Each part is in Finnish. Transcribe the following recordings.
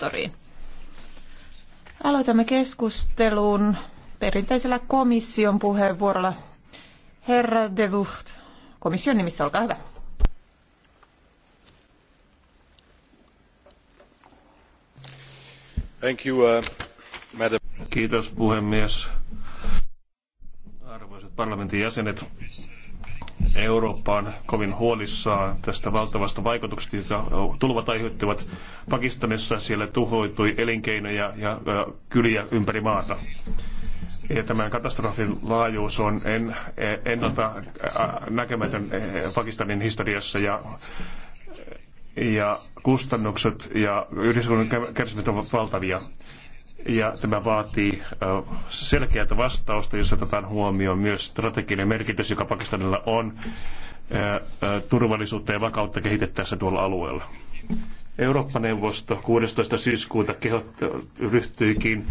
sektoriin. Aloitamme keskustelun perinteisellä komission puheenvuorolla. Herra de Vucht, komission nimissä, olkaa hyvä. Thank you, uh, madam. Kiitos puhemies. Arvoisat parlamentin jäsenet, Eurooppa on kovin huolissaan tästä valtavasta vaikutuksesta, jota tulvat aiheuttivat Pakistanissa. Siellä tuhoitui elinkeinoja ja kyliä ympäri maata. Ja tämän katastrofin laajuus on en, e, ennalta näkemätön e, Pakistanin historiassa ja ja kustannukset ja yhdyskunnan kärsimykset ovat valtavia. Ja tämä vaatii selkeää vastausta, jos otetaan huomioon myös strateginen merkitys, joka Pakistanilla on turvallisuutta ja vakautta kehitettäessä tuolla alueella. Eurooppa-neuvosto 16. syyskuuta ryhtyikin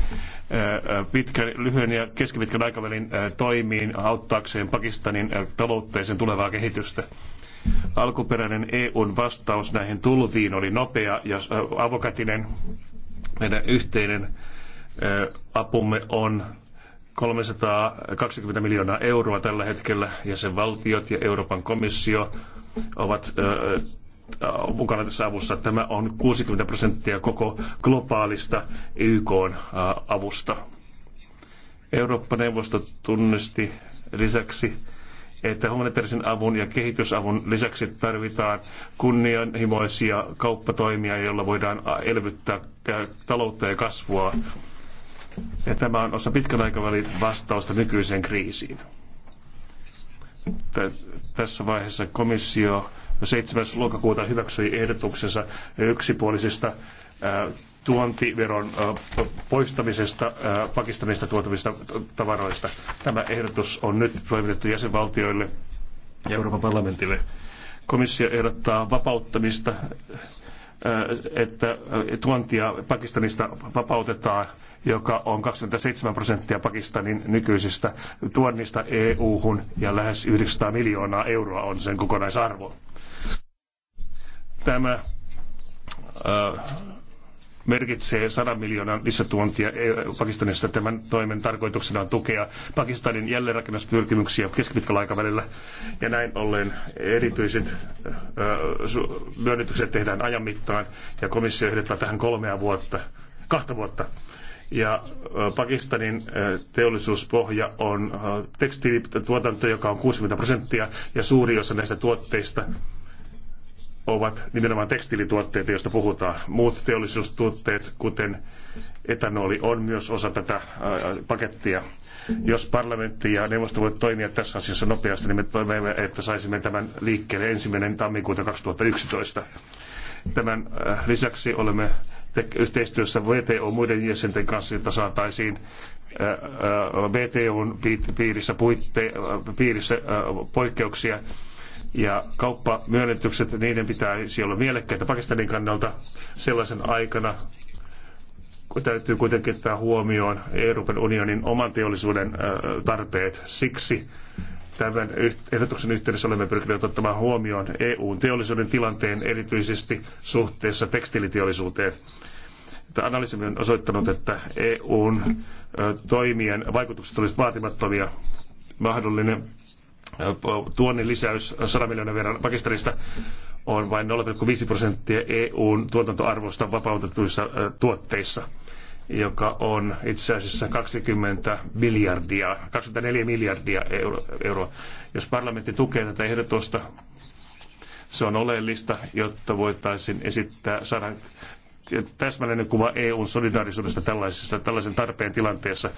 pitkän, lyhyen ja keskipitkän aikavälin toimiin auttaakseen Pakistanin taloutta ja sen tulevaa kehitystä. Alkuperäinen EUn vastaus näihin tulviin oli nopea ja avokatinen. Meidän yhteinen apumme on 320 miljoonaa euroa tällä hetkellä ja sen valtiot ja Euroopan komissio ovat mukana tässä avussa. Tämä on 60 prosenttia koko globaalista YK avusta. Eurooppa-neuvosto tunnisti lisäksi, että humanitaarisen avun ja kehitysavun lisäksi tarvitaan kunnianhimoisia kauppatoimia, joilla voidaan elvyttää taloutta ja kasvua ja tämä on osa pitkän aikavälin vastausta nykyiseen kriisiin. Tässä vaiheessa komissio 7. lokakuuta hyväksyi ehdotuksensa yksipuolisesta tuontiveron poistamisesta Pakistanista tuotavista tavaroista. Tämä ehdotus on nyt toimitettu jäsenvaltioille ja Euroopan parlamentille. Komissio ehdottaa vapauttamista, että tuontia Pakistanista vapautetaan joka on 27 prosenttia Pakistanin nykyisistä tuonnista EU-hun ja lähes 900 miljoonaa euroa on sen kokonaisarvo. Tämä merkitsee 100 miljoonan lisätuontia e Pakistanista. Tämän toimen tarkoituksena on tukea Pakistanin jälleenrakennuspyrkimyksiä keskipitkällä aikavälillä. Ja näin ollen erityiset myönnytykset tehdään ajan mittaan ja komissio ehdottaa tähän kolmea vuotta, kahta vuotta ja Pakistanin teollisuuspohja on tekstiilituotanto, joka on 60 prosenttia ja suuri osa näistä tuotteista ovat nimenomaan tekstiilituotteita, joista puhutaan. Muut teollisuustuotteet, kuten etanoli, on myös osa tätä pakettia. Jos parlamentti ja neuvosto voivat toimia tässä asiassa nopeasti, niin me toivomme, että saisimme tämän liikkeelle ensimmäinen tammikuuta 2011. Tämän lisäksi olemme yhteistyössä VTO muiden jäsenten kanssa, jotta saataisiin VTOn piirissä, puitte, piirissä poikkeuksia ja kauppamyönnytykset, niiden pitäisi olla mielekkäitä Pakistanin kannalta sellaisen aikana, täytyy kuitenkin ottaa huomioon Euroopan unionin oman teollisuuden tarpeet. Siksi Tämän ehdotuksen yhteydessä olemme pyrkineet ottamaan huomioon EUn teollisuuden tilanteen erityisesti suhteessa tekstiiliteollisuuteen. Analyysimme on osoittanut, että EUn toimien vaikutukset olisivat vaatimattomia. Mahdollinen tuonnin lisäys 100 miljoonaa verran Pakistanista on vain 0,5 prosenttia EUn tuotantoarvosta vapautetuissa tuotteissa joka on itse asiassa 20 miljardia, 24 miljardia euroa. Jos parlamentti tukee tätä ehdotusta, se on oleellista, jotta voitaisiin esittää, saada täsmällinen kuva EUn solidaarisuudesta tällaisessa, tällaisen tarpeen tilanteessa.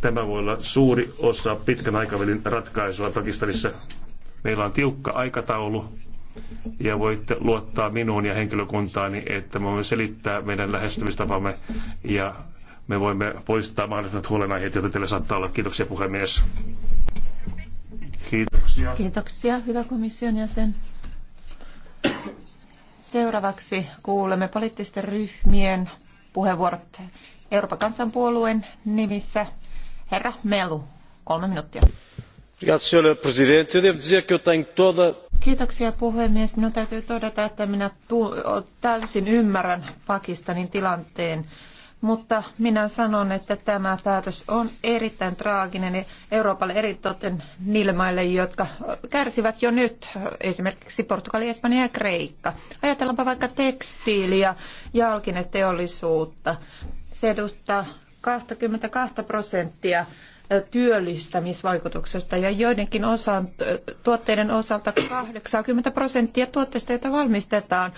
Tämä voi olla suuri osa pitkän aikavälin ratkaisua Pakistanissa. Meillä on tiukka aikataulu ja voitte luottaa minuun ja henkilökuntaani, että me voimme selittää meidän lähestymistapamme ja me voimme poistaa mahdollisimmat huolenaiheet, joita teillä saattaa olla. Kiitoksia puhemies. Kiitoksia. Kiitoksia, hyvä komission jäsen. Seuraavaksi kuulemme poliittisten ryhmien puheenvuorot Euroopan kansanpuolueen nimissä. Herra Melu, kolme minuuttia. Obrigado, Sr. Presidente. Eu devo dizer que eu Kiitoksia puhemies. Minun täytyy todeta, että minä täysin ymmärrän Pakistanin tilanteen, mutta minä sanon, että tämä päätös on erittäin traaginen Euroopalle eritoten niille maille, jotka kärsivät jo nyt, esimerkiksi Portugali, Espanja ja Kreikka. Ajatellaanpa vaikka tekstiiliä, jalkineteollisuutta. Se edustaa 22 prosenttia työllistämisvaikutuksesta ja joidenkin osan, tuotteiden osalta 80 prosenttia tuotteista, joita valmistetaan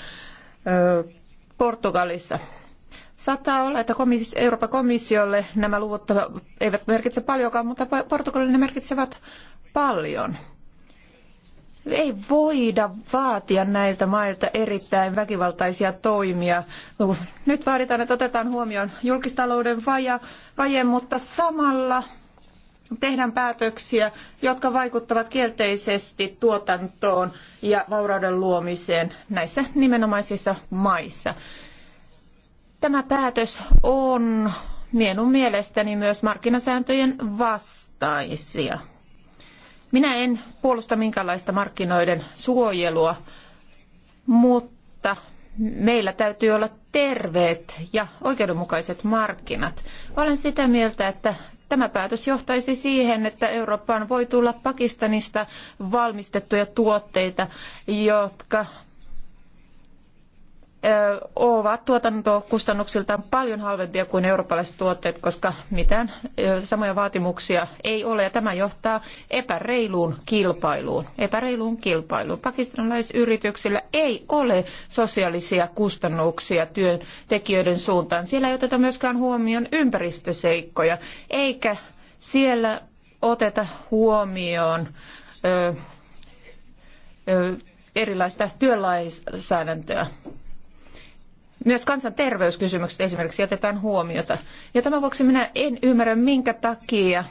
Portugalissa. Saattaa olla, että Euroopan komissiolle nämä luvut eivät merkitse paljonkaan, mutta Portugalille ne merkitsevät paljon. Ei voida vaatia näiltä mailta erittäin väkivaltaisia toimia. Nyt vaaditaan, että otetaan huomioon julkistalouden vaje, vaje mutta samalla tehdään päätöksiä, jotka vaikuttavat kielteisesti tuotantoon ja vaurauden luomiseen näissä nimenomaisissa maissa. Tämä päätös on minun mielestäni myös markkinasääntöjen vastaisia. Minä en puolusta minkäänlaista markkinoiden suojelua, mutta meillä täytyy olla terveet ja oikeudenmukaiset markkinat. Olen sitä mieltä, että Tämä päätös johtaisi siihen, että Eurooppaan voi tulla Pakistanista valmistettuja tuotteita, jotka ovat tuotantokustannuksiltaan paljon halvempia kuin eurooppalaiset tuotteet, koska mitään samoja vaatimuksia ei ole. Ja tämä johtaa epäreiluun kilpailuun. Epäreiluun kilpailuun. Pakistanilaisyrityksillä ei ole sosiaalisia kustannuksia työntekijöiden suuntaan. Siellä ei oteta myöskään huomioon ympäristöseikkoja, eikä siellä oteta huomioon ö, ö, erilaista työlainsäädäntöä myös kansanterveyskysymykset esimerkiksi jätetään huomiota. Ja tämän vuoksi minä en ymmärrä, minkä takia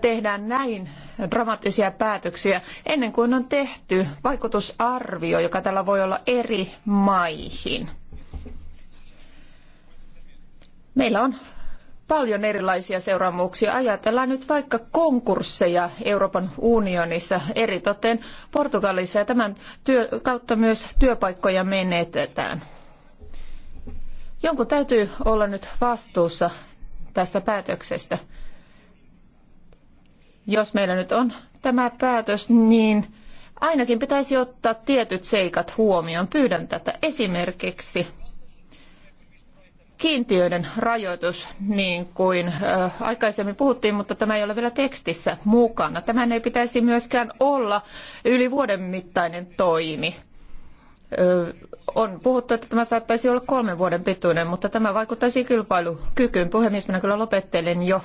tehdään näin dramaattisia päätöksiä ennen kuin on tehty vaikutusarvio, joka tällä voi olla eri maihin. Meillä on paljon erilaisia seuraamuksia. Ajatellaan nyt vaikka konkursseja Euroopan unionissa, eritoten Portugalissa, ja tämän kautta myös työpaikkoja menetetään. Jonkun täytyy olla nyt vastuussa tästä päätöksestä. Jos meillä nyt on tämä päätös, niin ainakin pitäisi ottaa tietyt seikat huomioon. Pyydän tätä esimerkiksi kiintiöiden rajoitus, niin kuin aikaisemmin puhuttiin, mutta tämä ei ole vielä tekstissä mukana. Tämän ei pitäisi myöskään olla yli vuoden mittainen toimi on puhuttu, että tämä saattaisi olla kolmen vuoden pituinen, mutta tämä vaikuttaisi kilpailukykyyn. Puhemies, minä kyllä lopettelin jo.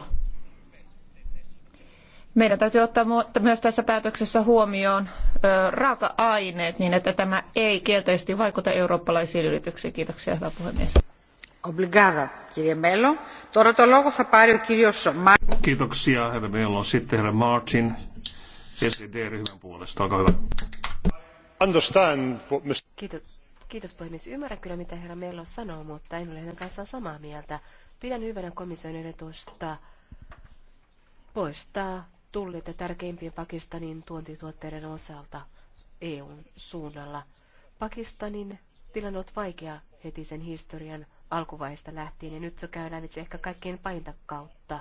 Meidän täytyy ottaa myös tässä päätöksessä huomioon raaka-aineet niin, että tämä ei kielteisesti vaikuta eurooppalaisiin yrityksiin. Kiitoksia, hyvä puhemies. Obligada, kirje Mello. Τώρα το λόγο Kiitoksia, herra Mello. Sitten herra Martin, SED-ryhmän puolesta. Olkaa hyvä. Kiitos, puhemies. Ymmärrän kyllä, mitä herra Mello sanoo, mutta en ole hänen kanssaan samaa mieltä. Pidän hyvänä komission ehdotusta poistaa tullit tärkeimpien Pakistanin tuontituotteiden osalta EUn suunnalla. Pakistanin tilanne on vaikea heti sen historian alkuvaiheesta lähtien, ja nyt se käy lävitse ehkä kaikkein painta kautta.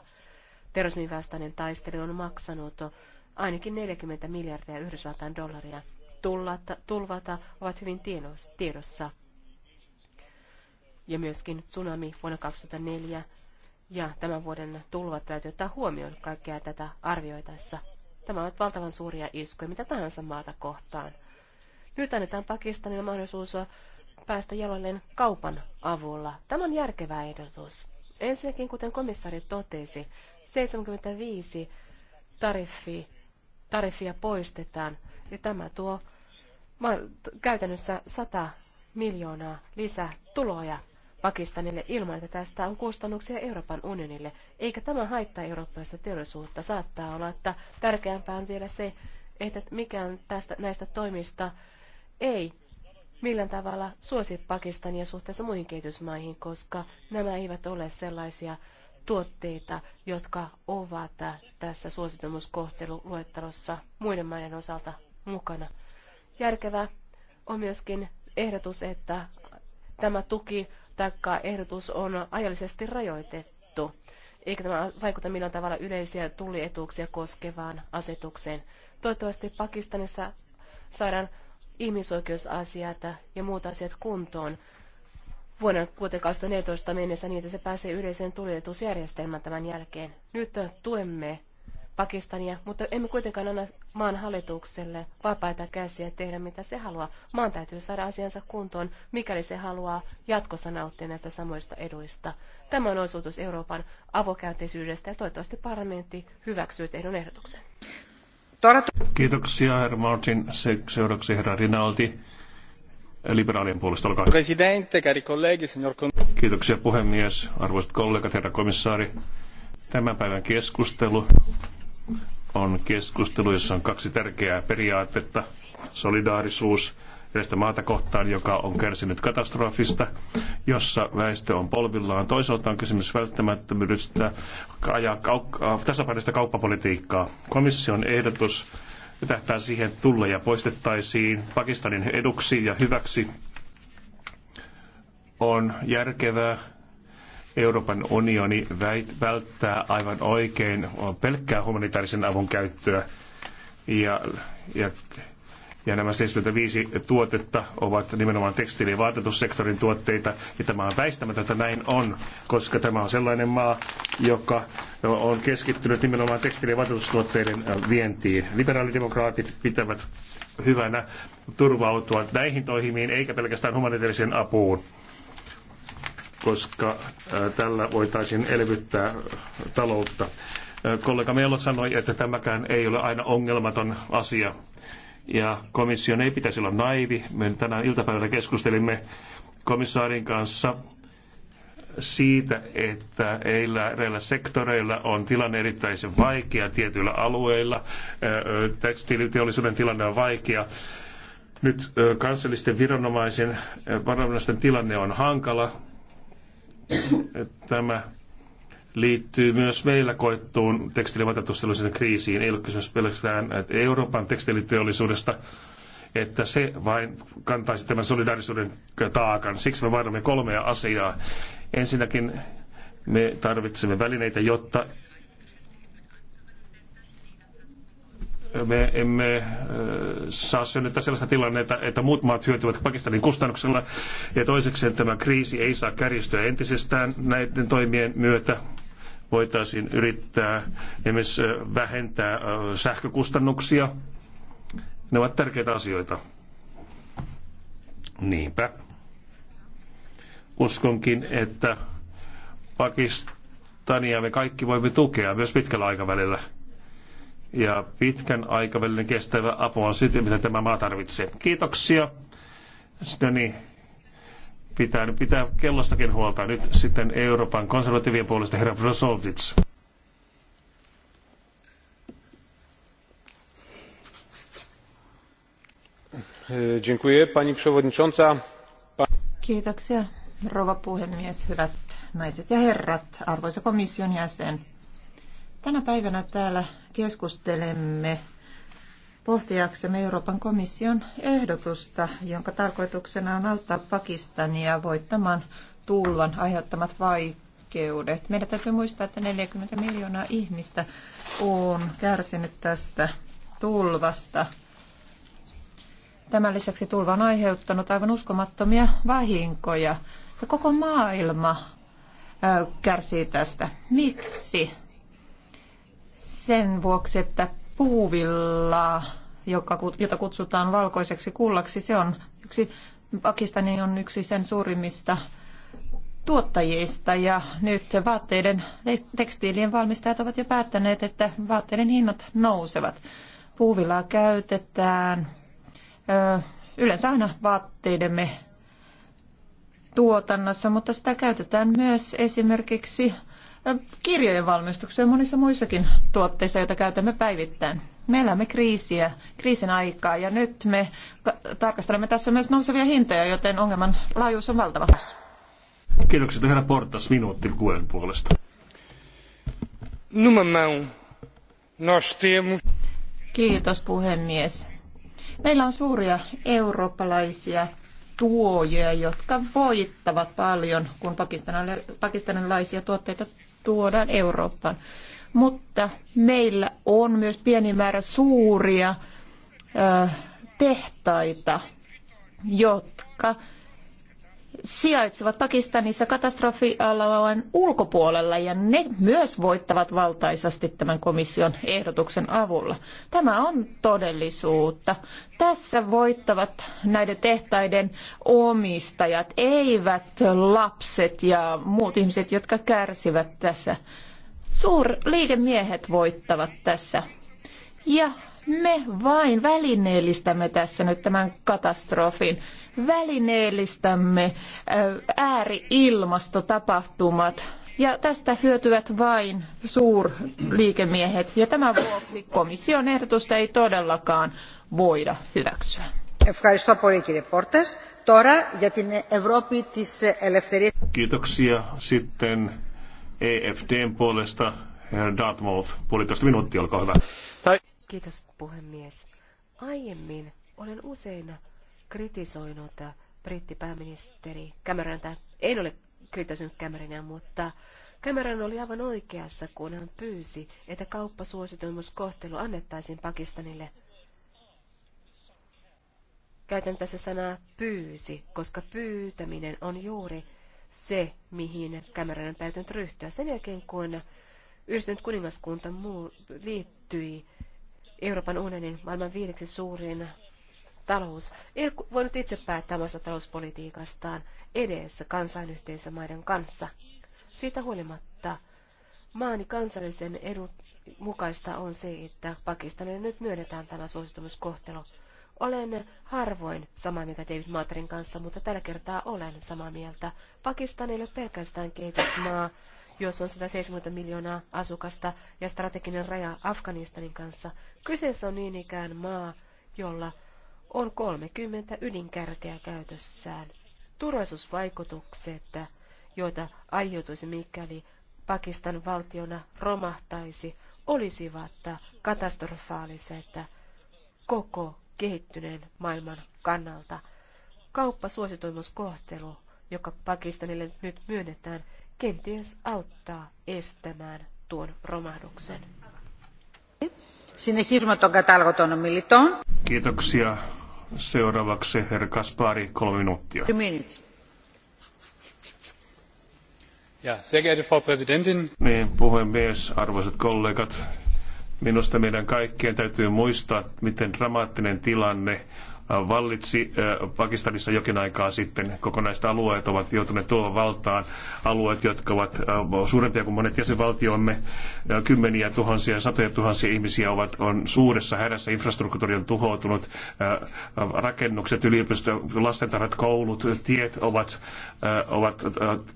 Terrorismin vastainen taistelu on maksanut ainakin 40 miljardia Yhdysvaltain dollaria tullata, tulvata ovat hyvin tiedossa. Ja myöskin tsunami vuonna 2004 ja tämän vuoden tulvat täytyy ottaa huomioon kaikkea tätä arvioitaessa. Tämä on valtavan suuria iskuja mitä tahansa maata kohtaan. Nyt annetaan Pakistanille mahdollisuus päästä jaloilleen kaupan avulla. Tämä on järkevä ehdotus. Ensinnäkin, kuten komissaari totesi, 75 tariffi, tariffia poistetaan ja tämä tuo käytännössä 100 miljoonaa lisätuloja Pakistanille ilman, että tästä on kustannuksia Euroopan unionille. Eikä tämä haittaa eurooppalaista teollisuutta. Saattaa olla, että tärkeämpää on vielä se, että mikään tästä, näistä toimista ei millään tavalla suosi Pakistania suhteessa muihin kehitysmaihin, koska nämä eivät ole sellaisia tuotteita, jotka ovat tässä suositumuskohteluluettelossa muiden maiden osalta mukana. Järkevä on myöskin ehdotus, että tämä tuki tai ehdotus on ajallisesti rajoitettu, eikä tämä vaikuta millään tavalla yleisiä tullietuuksia koskevaan asetukseen. Toivottavasti Pakistanissa saadaan ihmisoikeusasiat ja muut asiat kuntoon vuonna 2014 mennessä niin, että se pääsee yleiseen tuljetusjärjestelmään tämän jälkeen. Nyt tuemme Pakistania, mutta emme kuitenkaan anna maan hallitukselle vapaita käsiä tehdä mitä se haluaa. Maan täytyy saada asiansa kuntoon, mikäli se haluaa jatkossa nauttia näistä samoista eduista. Tämä on osuutus Euroopan avokäyteisyydestä ja toivottavasti parlamentti hyväksyy tehdyn ehdotuksen. Kiitoksia, herra Martin. Seuraavaksi herra Rinaldi. Liberaalien puolesta, olkaa Presidente, cari colleghi, signor... Kiitoksia puhemies, arvoisat kollegat, herra komissaari. Tämän päivän keskustelu on keskustelu, jossa on kaksi tärkeää periaatetta. Solidaarisuus yhdestä maata kohtaan, joka on kärsinyt katastrofista, jossa väestö on polvillaan. Toisaalta on kysymys välttämättömyydestä ajaa äh, tasapainoista kauppapolitiikkaa. Komission ehdotus tähtää siihen, että tulleja poistettaisiin Pakistanin eduksi ja hyväksi on järkevää Euroopan unioni välttää aivan oikein pelkkää humanitaarisen avun käyttöä ja, ja, ja nämä 75 tuotetta ovat nimenomaan tekstiili- ja vaatetussektorin tuotteita, ja tämä on väistämätöntä, näin on, koska tämä on sellainen maa, joka on keskittynyt nimenomaan tekstiili- ja vaatetustuotteiden vientiin. Liberaalidemokraatit pitävät hyvänä turvautua näihin toimiin, eikä pelkästään humanitaariseen apuun koska tällä voitaisiin elvyttää taloutta. Kollega Melo sanoi, että tämäkään ei ole aina ongelmaton asia. Ja komission ei pitäisi olla naivi. Me tänään iltapäivällä keskustelimme komissaarin kanssa siitä, että eräillä sektoreilla on tilanne erittäin vaikea tietyillä alueilla. Tekstiiliteollisuuden tilanne on vaikea. Nyt kansallisten viranomaisen viranomaisten tilanne on hankala tämä liittyy myös meillä koettuun tekstiilivatetusteollisuuden kriisiin. Ei ole kysymys pelkästään että Euroopan tekstiiliteollisuudesta, että se vain kantaisi tämän solidaarisuuden taakan. Siksi me vaadimme kolmea asiaa. Ensinnäkin me tarvitsemme välineitä, jotta me emme saa synnyttää sellaista tilannetta, että muut maat hyötyvät Pakistanin kustannuksella. Ja toiseksi tämä kriisi ei saa kärjistyä entisestään näiden toimien myötä voitaisiin yrittää esimerkiksi vähentää sähkökustannuksia. Ne ovat tärkeitä asioita. Niinpä. Uskonkin, että Pakistania me kaikki voimme tukea myös pitkällä aikavälillä – ja pitkän aikavälin kestävä apu on sitä, mitä tämä maa tarvitsee. Kiitoksia. No niin, pitää, pitää kellostakin huolta. Nyt sitten Euroopan konservatiivien puolesta herra Brosovits. Dziękuję, pani przewodnicząca. Kiitoksia, rouva puhemies, hyvät naiset ja herrat, arvoisa komission jäsen. Tänä päivänä täällä keskustelemme pohtiaksemme Euroopan komission ehdotusta, jonka tarkoituksena on auttaa Pakistania voittamaan tulvan aiheuttamat vaikeudet. Meidän täytyy muistaa, että 40 miljoonaa ihmistä on kärsinyt tästä tulvasta. Tämän lisäksi tulva on aiheuttanut aivan uskomattomia vahinkoja ja koko maailma kärsii tästä. Miksi? sen vuoksi, että puuvilla, joka, jota kutsutaan valkoiseksi kullaksi, se on yksi, Pakistani on yksi sen suurimmista tuottajista ja nyt vaatteiden tekstiilien valmistajat ovat jo päättäneet, että vaatteiden hinnat nousevat. Puuvillaa käytetään ö, yleensä aina vaatteidemme tuotannossa, mutta sitä käytetään myös esimerkiksi kirjojen valmistukseen monissa muissakin tuotteissa, joita käytämme päivittäin. Me elämme kriisiä, kriisin aikaa ja nyt me tarkastelemme tässä myös nousevia hintoja, joten ongelman laajuus on valtava. Kiitokset herra Portas minuutti kuuden puolesta. Numa mão. Nós temos... Kiitos puhemies. Meillä on suuria eurooppalaisia tuojia, jotka voittavat paljon, kun pakistanilaisia tuotteita tuodaan Eurooppaan. Mutta meillä on myös pieni määrä suuria tehtaita, jotka sijaitsevat Pakistanissa katastrofialueen ulkopuolella ja ne myös voittavat valtaisasti tämän komission ehdotuksen avulla. Tämä on todellisuutta. Tässä voittavat näiden tehtaiden omistajat, eivät lapset ja muut ihmiset, jotka kärsivät tässä. Suur liikemiehet voittavat tässä. Ja me vain välineellistämme tässä nyt tämän katastrofin. Välineellistämme äh, ääriilmastotapahtumat ja tästä hyötyvät vain suurliikemiehet. Ja tämän vuoksi komission ehdotusta ei todellakaan voida hyväksyä. Kiitoksia. Sitten EFDn puolesta Herr Dartmouth, puolitoista minuuttia, olkaa hyvä. Kiitos puhemies. Aiemmin olen usein kritisoinut brittipääministeri Cameronta. En ole kritisoinut Cameronia, mutta Cameron oli aivan oikeassa, kun hän pyysi, että kauppasuosituimuskohtelu annettaisiin Pakistanille. Käytän tässä sanaa pyysi, koska pyytäminen on juuri se, mihin Cameron on täytynyt ryhtyä. Sen jälkeen, kun yhdistynyt kuningaskunta liittyi Euroopan unionin maailman viideksi suurin talous ei voinut itse päättää omasta talouspolitiikastaan edessä kansainyhteisömaiden kanssa. Siitä huolimatta maani kansallisen edun mukaista on se, että Pakistanille nyt myönnetään tämä suositumuskohtelu. Olen harvoin samaa mieltä David Materin kanssa, mutta tällä kertaa olen samaa mieltä. Pakistanille pelkästään kehitysmaa, jossa on 170 miljoonaa asukasta ja strateginen raja Afganistanin kanssa. Kyseessä on niin ikään maa, jolla on 30 ydinkärkeä käytössään. Turvallisuusvaikutukset, joita aiheutuisi mikäli Pakistan valtiona romahtaisi, olisivat katastrofaaliset koko kehittyneen maailman kannalta. Kauppasuosituimuskohtelu, joka Pakistanille nyt myönnetään, kenties auttaa estämään tuon romahduksen. Συνεχίζουμε τον Kiitoksia. Seuraavaksi herra Kaspari, kolme minuuttia. Ja, sehr geehrte Frau Präsidentin. Niin, puhemies, arvoisat kollegat. Minusta meidän kaikkien täytyy muistaa, miten dramaattinen tilanne vallitsi Pakistanissa jokin aikaa sitten. Kokonaiset alueet ovat joutuneet tuohon valtaan. Alueet, jotka ovat suurempia kuin monet jäsenvaltiomme. Kymmeniä tuhansia, satoja tuhansia ihmisiä ovat on suuressa hädässä. Infrastruktuuri on tuhoutunut. Rakennukset, yliopisto, lastentarhat, koulut, tiet ovat, ovat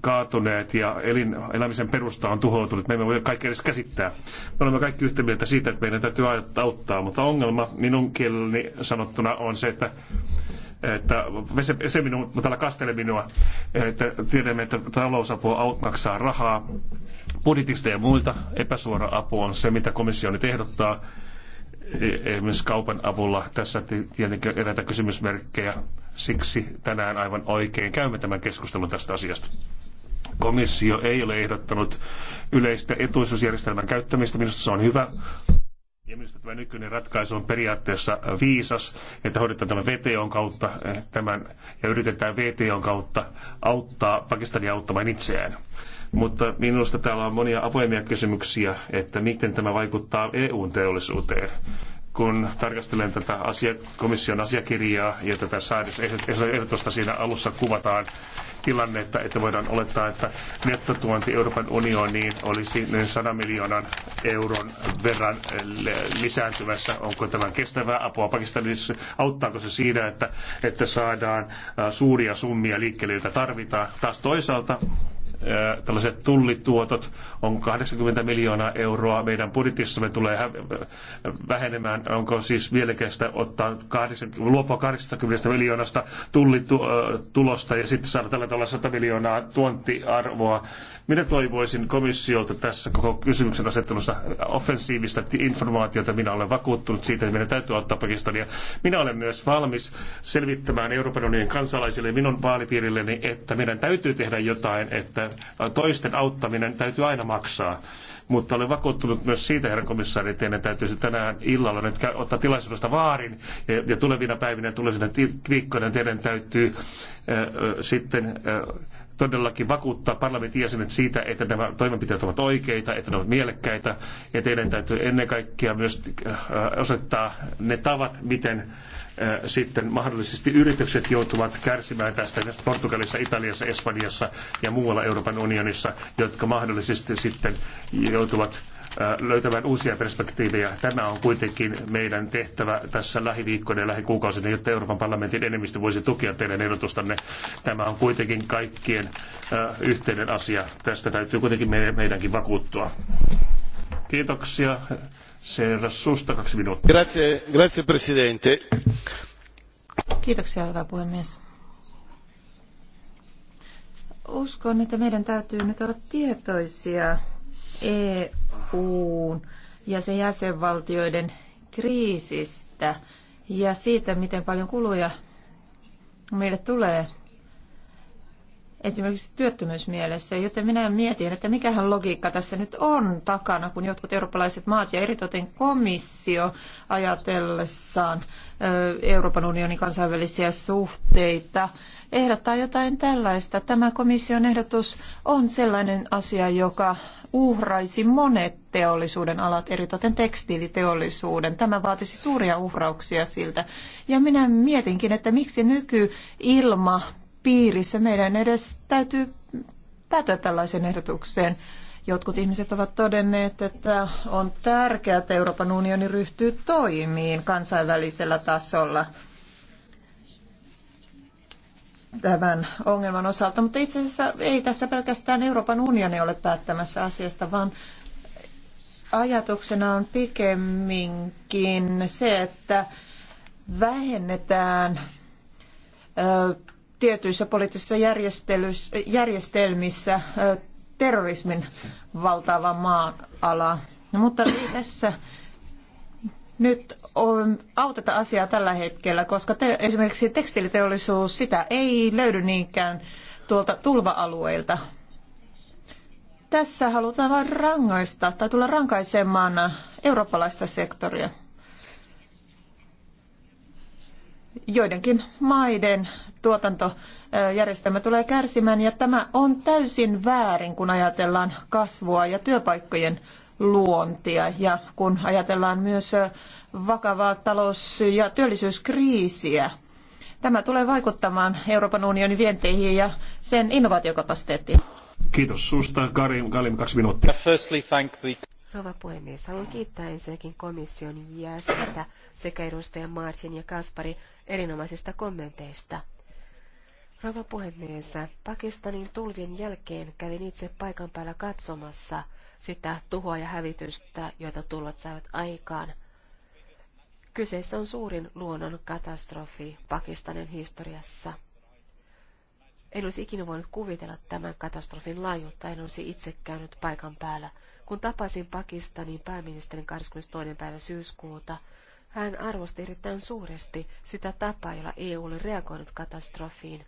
kaatuneet ja elin, elämisen perusta on tuhoutunut. Me emme voi kaikki edes käsittää. Me olemme kaikki yhtä mieltä siitä, että meidän täytyy auttaa, mutta ongelma minun kielelläni sanottuna on se, että että se, se minua, täällä kastele minua, että tiedämme, että talousapua maksaa rahaa budjetista ja muilta. Epäsuora apu on se, mitä komissio nyt ehdottaa. E, esimerkiksi kaupan avulla tässä tietenkin eräitä kysymysmerkkejä. Siksi tänään aivan oikein käymme tämän keskustelun tästä asiasta. Komissio ei ole ehdottanut yleistä etuisuusjärjestelmän käyttämistä. Minusta se on hyvä ja minusta tämä nykyinen ratkaisu on periaatteessa viisas, että hoidetaan tämä VTOn kautta eh, tämän, ja yritetään VTOn kautta auttaa Pakistania auttamaan itseään. Mutta minusta täällä on monia avoimia kysymyksiä, että miten tämä vaikuttaa EUn teollisuuteen kun tarkastelen tätä asia, komission asiakirjaa ja tätä säädösehdotusta siinä alussa kuvataan tilannetta, että voidaan olettaa, että nettotuonti Euroopan unioniin olisi noin 100 miljoonan euron verran eh, lisääntymässä. Onko tämä kestävää apua Pakistanissa? Auttaako se siinä, että, että saadaan eh, suuria summia liikkeelle, joita tarvitaan? Taas toisaalta tällaiset tullituotot on 80 miljoonaa euroa. Meidän budjetissamme tulee vähenemään. Onko siis mielekästä ottaa 80, luopua 80 miljoonasta tullitulosta ja sitten saada tällä tavalla 100 miljoonaa tuontiarvoa? Minä toivoisin komissiolta tässä koko kysymyksen asettelussa offensiivista informaatiota. Minä olen vakuuttunut siitä, että meidän täytyy ottaa Pakistania. Minä olen myös valmis selvittämään Euroopan unionin kansalaisille minun vaalipiirilleni, että meidän täytyy tehdä jotain, että toisten auttaminen täytyy aina maksaa. Mutta olen vakuuttunut myös siitä, herra komissaari, että teidän täytyisi tänään illalla nyt ottaa tilaisuudesta vaarin ja, ja tulevina päivinä, tulevina viikkoina teidän täytyy äh, sitten äh, todellakin vakuuttaa parlamentin jäsenet siitä, että nämä toimenpiteet ovat oikeita, että ne ovat mielekkäitä ja teidän täytyy ennen kaikkea myös äh, osoittaa ne tavat, miten äh, sitten mahdollisesti yritykset joutuvat kärsimään tästä Portugalissa, Italiassa, Espanjassa ja muualla Euroopan unionissa, jotka mahdollisesti sitten joutuvat löytämään uusia perspektiivejä. Tämä on kuitenkin meidän tehtävä tässä lähiviikkoina ja lähikuukausina, jotta Euroopan parlamentin enemmistö voisi tukea teidän ehdotustanne. Tämä on kuitenkin kaikkien yhteinen asia. Tästä täytyy kuitenkin meidänkin vakuuttua. Kiitoksia. Se Susta kaksi minuuttia. Grazie, grazie presidente. Kiitoksia, hyvä puhemies. Uskon, että meidän täytyy nyt olla tietoisia EU EUn ja sen jäsenvaltioiden kriisistä ja siitä, miten paljon kuluja meille tulee esimerkiksi työttömyysmielessä, joten minä mietin, että mikähän logiikka tässä nyt on takana, kun jotkut eurooppalaiset maat ja eritoten komissio ajatellessaan Euroopan unionin kansainvälisiä suhteita ehdottaa jotain tällaista. Tämä komission ehdotus on sellainen asia, joka uhraisi monet teollisuuden alat, eritoten tekstiiliteollisuuden. Tämä vaatisi suuria uhrauksia siltä. Ja minä mietinkin, että miksi nykyilma piirissä meidän edes täytyy päätyä tällaiseen ehdotukseen. Jotkut ihmiset ovat todenneet, että on tärkeää, että Euroopan unioni ryhtyy toimiin kansainvälisellä tasolla tämän ongelman osalta, mutta itse asiassa ei tässä pelkästään Euroopan unioni ole päättämässä asiasta, vaan ajatuksena on pikemminkin se, että vähennetään ö, tietyissä poliittisissa järjestelmissä terrorismin valtaava maan ala. No, mutta tässä nyt auteta asiaa tällä hetkellä, koska te, esimerkiksi tekstiiliteollisuus, sitä ei löydy niinkään tuolta tulva-alueilta. Tässä halutaan vain rangaista tai tulla rankaisemaan eurooppalaista sektoria. Joidenkin maiden tuotantojärjestelmä tulee kärsimään ja tämä on täysin väärin, kun ajatellaan kasvua ja työpaikkojen luontia. Ja kun ajatellaan myös vakavaa talous- ja työllisyyskriisiä, tämä tulee vaikuttamaan Euroopan unionin vienteihin ja sen innovaatiokapasiteettiin. Kiitos susta, Karim, Kalim, kaksi minuuttia. Firstly, thank the... Rova puhemies, haluan kiittää ensinnäkin komission jäsentä sekä edustaja Martin ja Kaspari erinomaisista kommenteista. Rova puhemies, Pakistanin tulvien jälkeen kävin itse paikan päällä katsomassa – sitä tuhoa ja hävitystä, joita tulvat saavat aikaan. Kyseessä on suurin luonnon katastrofi Pakistanin historiassa. En olisi ikinä voinut kuvitella tämän katastrofin laajuutta, en olisi itse käynyt paikan päällä. Kun tapasin Pakistanin pääministerin 22. päivä syyskuuta, hän arvosti erittäin suuresti sitä tapaa, jolla EU oli reagoinut katastrofiin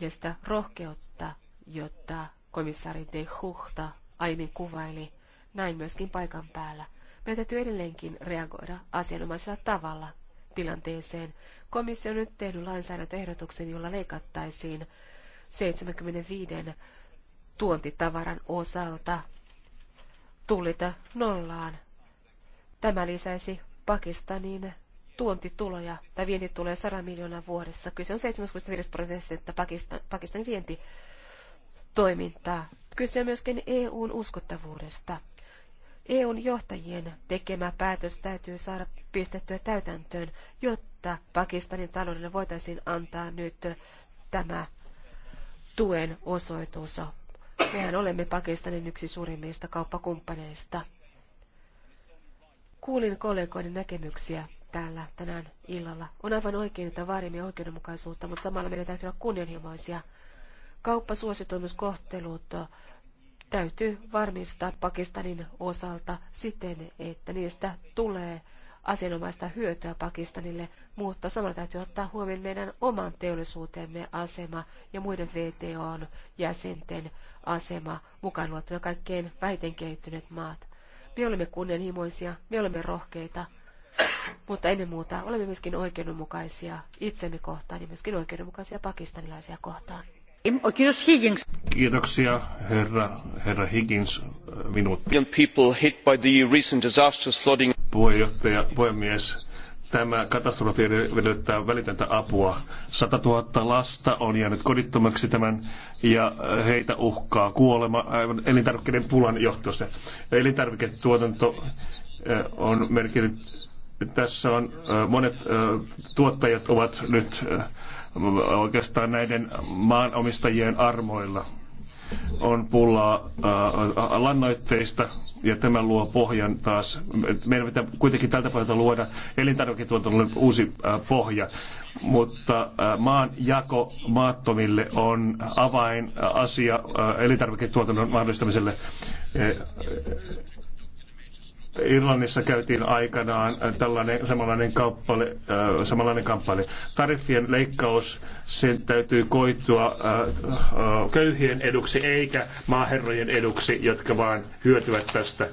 ja sitä rohkeutta, jota komissaari de Huhta aiemmin kuvaili, näin myöskin paikan päällä. Meidän täytyy edelleenkin reagoida asianomaisella tavalla tilanteeseen. Komissio on nyt tehnyt lainsäädäntöehdotuksen, jolla leikattaisiin 75 tuontitavaran osalta tullita nollaan. Tämä lisäisi Pakistanin tuontituloja tai tulee 100 miljoonaa vuodessa. Kyse on 75 prosentista Pakistan, Pakistanin vienti toimintaa. Kyse on myöskin EUn uskottavuudesta. EUn johtajien tekemä päätös täytyy saada pistettyä täytäntöön, jotta Pakistanin taloudelle voitaisiin antaa nyt tämä tuen osoitus. Mehän olemme Pakistanin yksi suurimmista kauppakumppaneista. Kuulin kollegoiden näkemyksiä täällä tänään illalla. On aivan oikein, että vaadimme oikeudenmukaisuutta, mutta samalla meidän täytyy olla kunnianhimoisia. Kauppasuosituimuskohtelut täytyy varmistaa Pakistanin osalta siten, että niistä tulee asianomaista hyötyä Pakistanille, mutta samalla täytyy ottaa huomioon meidän oman teollisuutemme asema ja muiden VTOn jäsenten asema, mukaan luettuna kaikkein vähiten kehittyneet maat. Me olemme kunnianhimoisia, me olemme rohkeita, mutta ennen muuta olemme myöskin oikeudenmukaisia itsemme kohtaan ja myöskin oikeudenmukaisia pakistanilaisia kohtaan. Kiitoksia, herra, herra Higgins, minuutti. Puheenjohtaja, puhemies, tämä katastrofi edellyttää välitöntä apua. 100 000 lasta on jäänyt kodittomaksi tämän ja heitä uhkaa kuolema aivan elintarvikkeiden pulan johtosta. Elintarviketuotanto eh, on merkinnyt, tässä on eh, monet eh, tuottajat ovat nyt oikeastaan näiden maanomistajien armoilla. On pullaa äh, lannoitteista ja tämä luo pohjan taas. Meidän pitää kuitenkin tältä pohjalta luoda elintarviketuotannolle uusi äh, pohja, mutta äh, maan jako maattomille on avainasia äh, elintarviketuotannon mahdollistamiselle. Äh, Irlannissa käytiin aikanaan tällainen samanlainen, äh, samanlainen kamppale. Tariffien leikkaus, sen täytyy koitua äh, äh, köyhien eduksi eikä maaherrojen eduksi, jotka vaan hyötyvät tästä.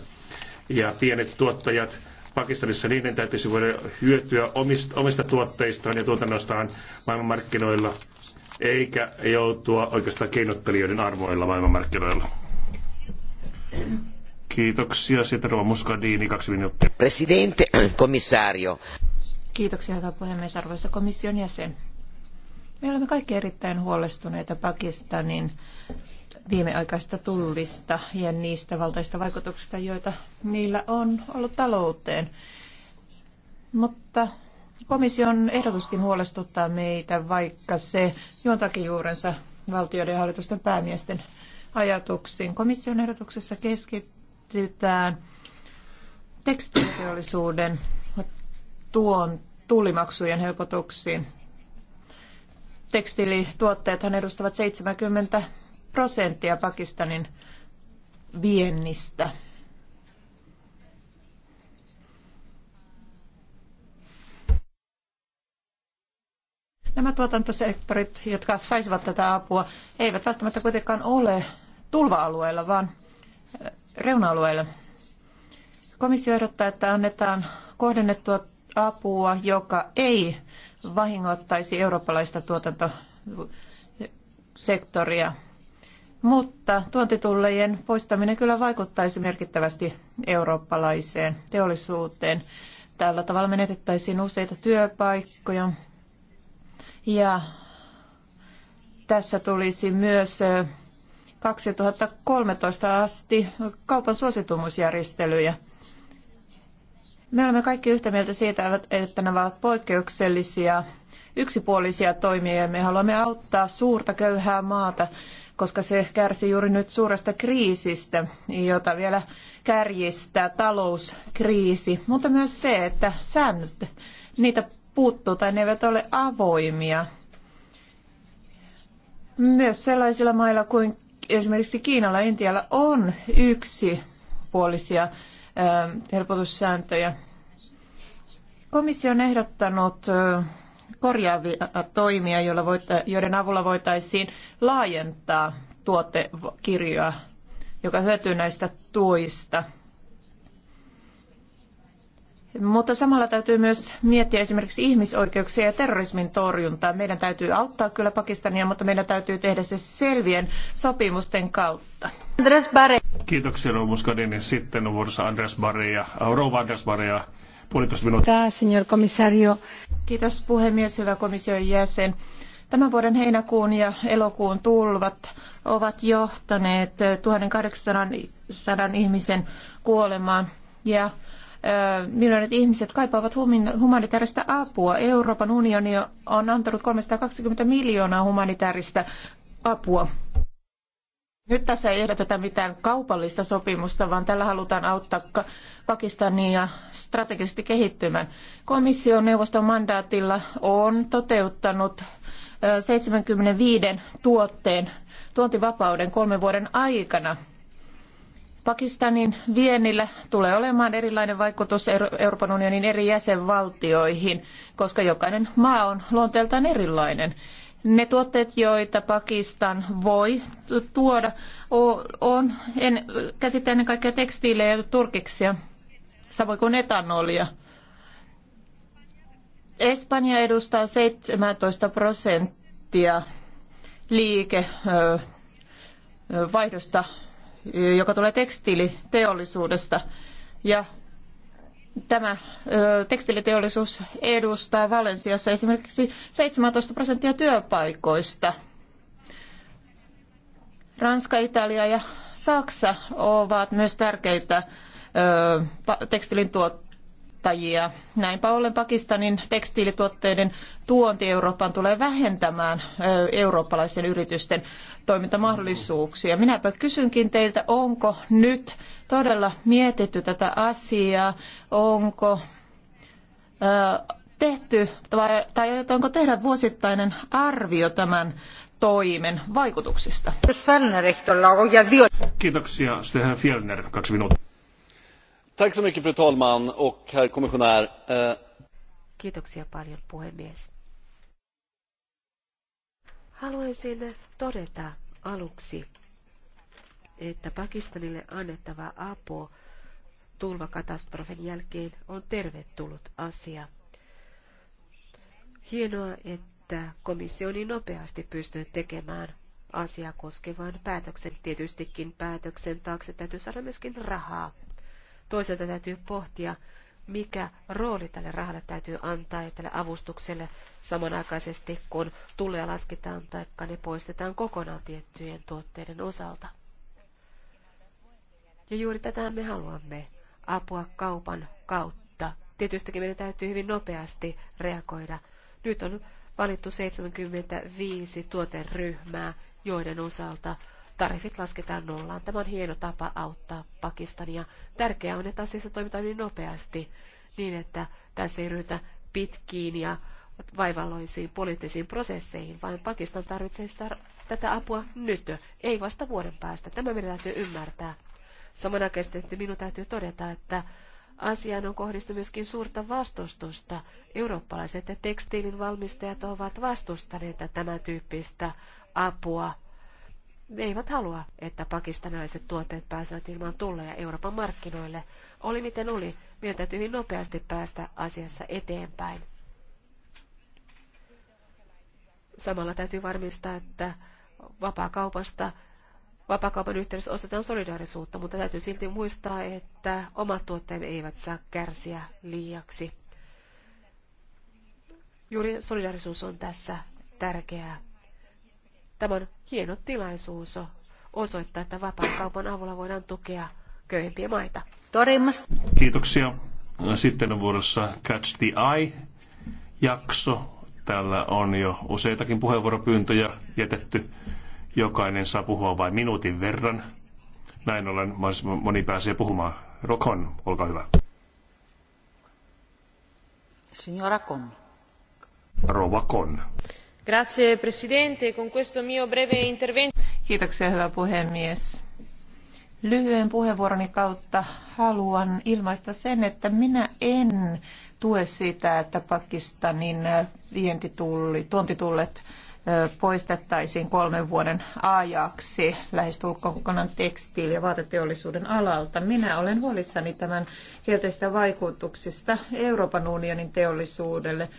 Ja pienet tuottajat Pakistanissa niiden täytyisi voida hyötyä omista, omista tuotteistaan ja tuotannostaan maailmanmarkkinoilla, eikä joutua oikeastaan keinottelijoiden arvoilla maailmanmarkkinoilla. Kiitoksia. Sitten Rova kaksi minuuttia. Presidente, komissario. Kiitoksia, hyvä puhemies, arvoisa komission jäsen. Me olemme kaikki erittäin huolestuneita Pakistanin viimeaikaista tullista ja niistä valtaista vaikutuksista, joita niillä on ollut talouteen. Mutta komission ehdotuskin huolestuttaa meitä, vaikka se juontakin juurensa valtioiden ja hallitusten päämiesten ajatuksiin. Komission ehdotuksessa keskitytään mietitään tekstiiliteollisuuden tuon tulimaksujen helpotuksiin. Tekstiilituotteethan edustavat 70 prosenttia Pakistanin viennistä. Nämä tuotantosektorit, jotka saisivat tätä apua, eivät välttämättä kuitenkaan ole tulva-alueilla, vaan reuna-alueille. Komissio ehdottaa, että annetaan kohdennettua apua, joka ei vahingoittaisi eurooppalaista tuotantosektoria. Mutta tuontitullejen poistaminen kyllä vaikuttaisi merkittävästi eurooppalaiseen teollisuuteen. Tällä tavalla menetettäisiin useita työpaikkoja ja tässä tulisi myös 2013 asti kaupan suositumusjärjestelyjä. Me olemme kaikki yhtä mieltä siitä, että nämä ovat poikkeuksellisia, yksipuolisia toimia ja me haluamme auttaa suurta köyhää maata, koska se kärsii juuri nyt suuresta kriisistä, jota vielä kärjistää talouskriisi, mutta myös se, että säännöt, niitä puuttuu tai ne eivät ole avoimia. Myös sellaisilla mailla kuin esimerkiksi Kiinalla ja Intialla on yksipuolisia helpotussääntöjä. Komissio on ehdottanut korjaavia toimia, joiden avulla voitaisiin laajentaa tuotekirjoa, joka hyötyy näistä tuista. Mutta samalla täytyy myös miettiä esimerkiksi ihmisoikeuksia ja terrorismin torjuntaa. Meidän täytyy auttaa kyllä Pakistania, mutta meidän täytyy tehdä se selvien sopimusten kautta. Andres Bare. Kiitoksia, Rouva Sitten vuorossa Andres Bare ja Rouva Andres Bare ja puolitoista minuuttia. Kiitos puhemies, hyvä komission jäsen. Tämän vuoden heinäkuun ja elokuun tulvat ovat johtaneet 1800 ihmisen kuolemaan ja miljoonat ihmiset kaipaavat humanitaarista apua. Euroopan unioni on antanut 320 miljoonaa humanitaarista apua. Nyt tässä ei ehdoteta mitään kaupallista sopimusta, vaan tällä halutaan auttaa Pakistania strategisesti kehittymään. Komission neuvoston mandaatilla on toteuttanut 75 tuotteen tuontivapauden kolmen vuoden aikana – Pakistanin viennillä tulee olemaan erilainen vaikutus Euroopan unionin eri jäsenvaltioihin, koska jokainen maa on luonteeltaan erilainen. Ne tuotteet, joita Pakistan voi tuoda, on en, käsittää ennen kaikkea tekstiilejä ja turkiksia, samoin kuin etanolia. Espanja edustaa 17 prosenttia liikevaihdosta joka tulee tekstiiliteollisuudesta. Ja tämä tekstiiliteollisuus edustaa Valensiassa esimerkiksi 17 prosenttia työpaikoista. Ranska, Italia ja Saksa ovat myös tärkeitä tekstiilin tuottajia kuluttajia. Näinpä ollen Pakistanin tekstiilituotteiden tuonti Eurooppaan tulee vähentämään eurooppalaisten yritysten toimintamahdollisuuksia. Minäpä kysynkin teiltä, onko nyt todella mietitty tätä asiaa, onko tehty tai, tai onko tehdä vuosittainen arvio tämän toimen vaikutuksista? Kiitoksia. Stefan Fjellner, kaksi minuuttia. Fru talman och herr kommissionär. Eh. Kiitoksia paljon puhemies. Haluaisin todeta aluksi, että Pakistanille annettava apu tulvakatastrofin jälkeen on tervetullut asia. Hienoa, että komissio niin nopeasti pystynyt tekemään asiaa koskevan päätöksen. Tietystikin päätöksen taakse täytyy saada myöskin rahaa. Toisaalta täytyy pohtia, mikä rooli tälle rahalle täytyy antaa ja tälle avustukselle samanaikaisesti, kun tulee lasketaan tai ne poistetaan kokonaan tiettyjen tuotteiden osalta. Ja juuri tätä me haluamme, apua kaupan kautta. Tietystikin meidän täytyy hyvin nopeasti reagoida. Nyt on valittu 75 tuoteryhmää, joiden osalta tarifit lasketaan nollaan. Tämä on hieno tapa auttaa Pakistania. Tärkeää on, että asiassa toimitaan niin nopeasti, niin että tässä ei ryhdytä pitkiin ja vaivalloisiin poliittisiin prosesseihin, vaan Pakistan tarvitsee sitä, tätä apua nyt, ei vasta vuoden päästä. Tämä meidän täytyy ymmärtää. Samanaikaisesti minun täytyy todeta, että asiaan on kohdistunut myöskin suurta vastustusta. Eurooppalaiset ja tekstiilin valmistajat ovat vastustaneet tämän tyyppistä apua ne eivät halua, että pakistanaiset tuotteet pääsevät ilman tulleja Euroopan markkinoille. Oli miten oli, meidän täytyy hyvin nopeasti päästä asiassa eteenpäin. Samalla täytyy varmistaa, että vapaakaupasta kaupan yhteydessä osoitetaan solidaarisuutta, mutta täytyy silti muistaa, että omat tuotteet eivät saa kärsiä liiaksi. Juuri solidaarisuus on tässä tärkeää. Tämä on hieno tilaisuus osoittaa, että vapaan avulla voidaan tukea köyhimpiä maita. Torimmasta. Kiitoksia. Sitten on vuorossa Catch the Eye-jakso. Täällä on jo useitakin puheenvuoropyyntöjä jätetty. Jokainen saa puhua vain minuutin verran. Näin ollen moni pääsee puhumaan. Rokon, olkaa hyvä. Signora Con. Rova Con. Grazie, presidente. Con questo mio breve intervento... puhemies. Lyhyen puheenvuoroni kautta haluan ilmaista sen, että minä en tue sitä, että Pakistanin vientitulli, tuontitullet poistettaisiin kolmen vuoden ajaksi lähestulkoon kokonaan tekstiili- ja vaateteollisuuden alalta. Minä olen huolissani tämän kielteistä vaikutuksista Euroopan unionin teollisuudelle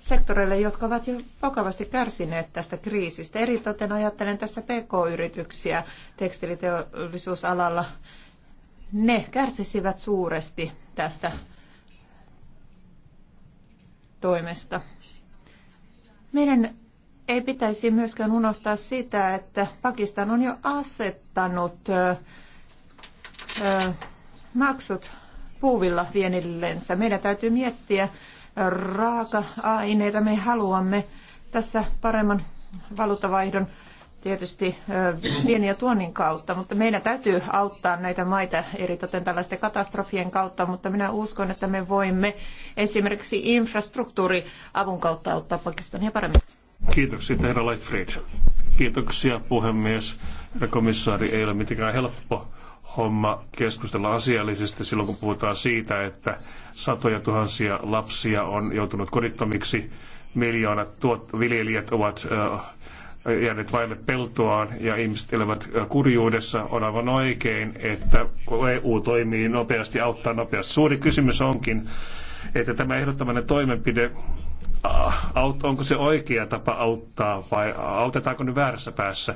sektoreille, jotka ovat jo vakavasti kärsineet tästä kriisistä. Eritoten ajattelen tässä PK-yrityksiä tekstiliteollisuusalalla. Ne kärsisivät suuresti tästä toimesta. Meidän ei pitäisi myöskään unohtaa sitä, että Pakistan on jo asettanut maksut puuvilla vienillensä. Meidän täytyy miettiä, raaka-aineita. Me haluamme tässä paremman valuuttavaihdon tietysti vien ja tuonnin kautta, mutta meidän täytyy auttaa näitä maita eritoten tällaisten katastrofien kautta, mutta minä uskon, että me voimme esimerkiksi infrastruktuuriavun kautta auttaa Pakistania paremmin. Kiitoksia, herra Lightfried. Kiitoksia, puhemies. Herra komissaari, ei ole mitenkään helppo homma keskustella asiallisesti silloin, kun puhutaan siitä, että satoja tuhansia lapsia on joutunut kodittomiksi, miljoonat tuot, viljelijät ovat äh, jääneet vaille peltoaan ja ihmiset elävät kurjuudessa, on aivan oikein, että EU toimii nopeasti, auttaa nopeasti. Suuri kysymys onkin, että tämä ehdottaminen toimenpide, onko se oikea tapa auttaa vai autetaanko nyt väärässä päässä?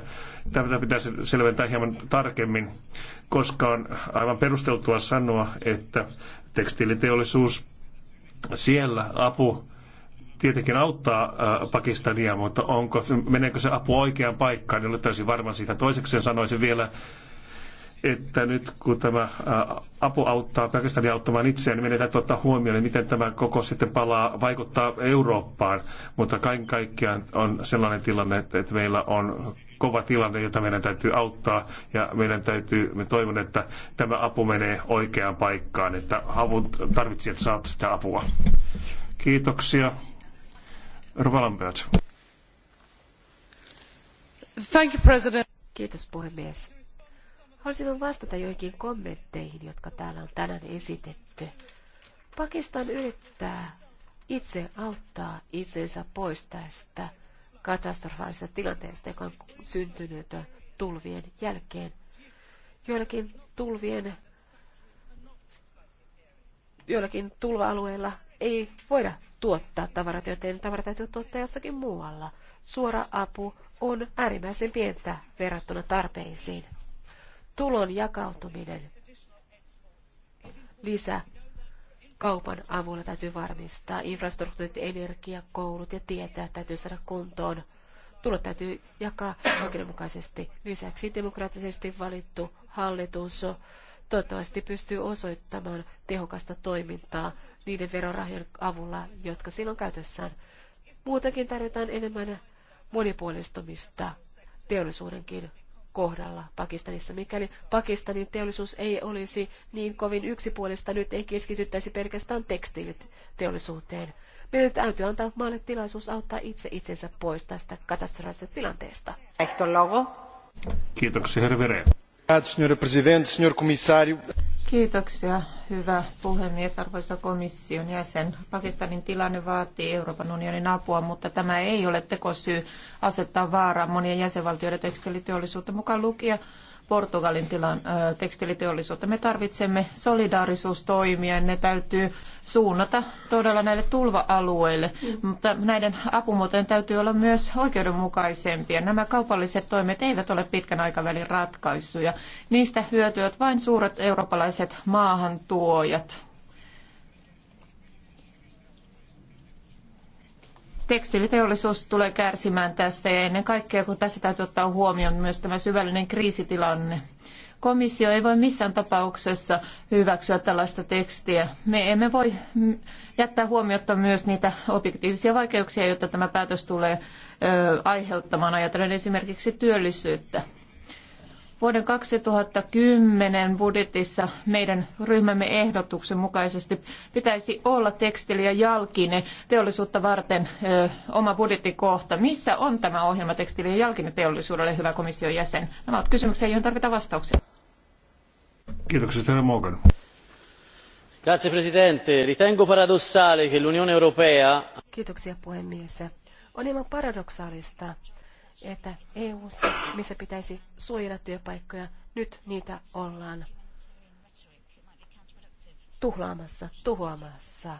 Tämä pitäisi selventää hieman tarkemmin koska on aivan perusteltua sanoa, että tekstiiliteollisuus siellä apu tietenkin auttaa äh, Pakistania, mutta onko, meneekö se apu oikeaan paikkaan, niin olen täysin varma siitä. Toisekseen sanoisin vielä, että nyt kun tämä äh, apu auttaa Pakistania auttamaan itseään, niin meidän täytyy ottaa huomioon, miten tämä koko sitten palaa, vaikuttaa Eurooppaan. Mutta kaiken kaikkiaan on sellainen tilanne, että meillä on kova tilanne, jota meidän täytyy auttaa ja meidän täytyy, me toivon, että tämä apu menee oikeaan paikkaan, että avun tarvitsijat saavat sitä apua. Kiitoksia. Rova Lambert. Thank you, President. Kiitos puhemies. Haluaisin vastata joihinkin kommentteihin, jotka täällä on tänään esitetty. Pakistan yrittää itse auttaa itsensä pois tästä katastrofaalisesta tilanteesta, joka on syntynyt tulvien jälkeen. Joillakin tulvien, joillakin tulva-alueilla ei voida tuottaa tavarat, joten tavara täytyy tuottaa jossakin muualla. Suora apu on äärimmäisen pientä verrattuna tarpeisiin. Tulon jakautuminen lisää kaupan avulla täytyy varmistaa infrastruktuurit, energia, koulut ja tietää täytyy saada kuntoon. Tulot täytyy jakaa oikeudenmukaisesti. Lisäksi demokraattisesti valittu hallitus toivottavasti pystyy osoittamaan tehokasta toimintaa niiden verorahojen avulla, jotka sillä on käytössään. Muutenkin tarvitaan enemmän monipuolistumista teollisuudenkin kohdalla Pakistanissa. Mikäli Pakistanin teollisuus ei olisi niin kovin yksipuolista, nyt ei keskityttäisi pelkästään tekstiiliteollisuuteen. Meidän täytyy antaa maalle tilaisuus auttaa itse itsensä pois tästä katastrofaalisesta tilanteesta. Kiitoksia, herra Vere. herra Kiitoksia, hyvä puhemies, arvoisa komission jäsen. Pakistanin tilanne vaatii Euroopan unionin apua, mutta tämä ei ole tekosyy asettaa vaaraan monien jäsenvaltioiden tekstiiliteollisuutta mukaan lukia Portugalin tilan tekstiliteollisuutta. Me tarvitsemme solidaarisuustoimia, ne täytyy suunnata todella näille tulva-alueille, mutta näiden apumuotojen täytyy olla myös oikeudenmukaisempia. Nämä kaupalliset toimet eivät ole pitkän aikavälin ratkaisuja. Niistä hyötyvät vain suuret eurooppalaiset maahantuojat tekstiiliteollisuus tulee kärsimään tästä ja ennen kaikkea, kun tässä täytyy ottaa huomioon myös tämä syvällinen kriisitilanne. Komissio ei voi missään tapauksessa hyväksyä tällaista tekstiä. Me emme voi jättää huomiota myös niitä objektiivisia vaikeuksia, joita tämä päätös tulee aiheuttamaan, ajatellen esimerkiksi työllisyyttä. Vuoden 2010 budjetissa meidän ryhmämme ehdotuksen mukaisesti pitäisi olla tekstili ja jalkine teollisuutta varten ö, oma budjettikohta. Missä on tämä ohjelma tekstili ja jalkine teollisuudelle, hyvä komission jäsen? Nämä ovat kysymyksiä, joihin tarvitaan vastauksia. Kiitoksia, herra Morgan. Grazie Presidente. Ritengo paradossale che l'Unione Europea... Kiitoksia puhemies. On hieman paradoksaalista, että EU:ssa, missä pitäisi suojella työpaikkoja, nyt niitä ollaan tuhlaamassa, tuhoamassa.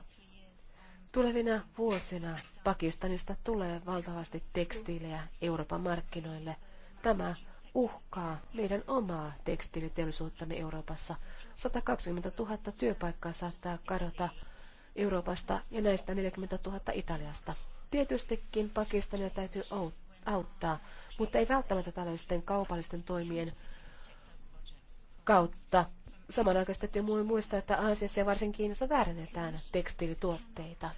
Tulevina vuosina Pakistanista tulee valtavasti tekstiilejä Euroopan markkinoille. Tämä uhkaa meidän omaa tekstiiliteollisuuttamme Euroopassa. 120 000 työpaikkaa saattaa kadota Euroopasta ja näistä 40 000 Italiasta. Tietystikin Pakistania täytyy auttaa auttaa, mutta ei välttämättä tällaisten kaupallisten toimien kautta. Samanaikaisesti täytyy muistaa, että Aasiassa ja varsinkin Kiinassa väärennetään tekstiilituotteita.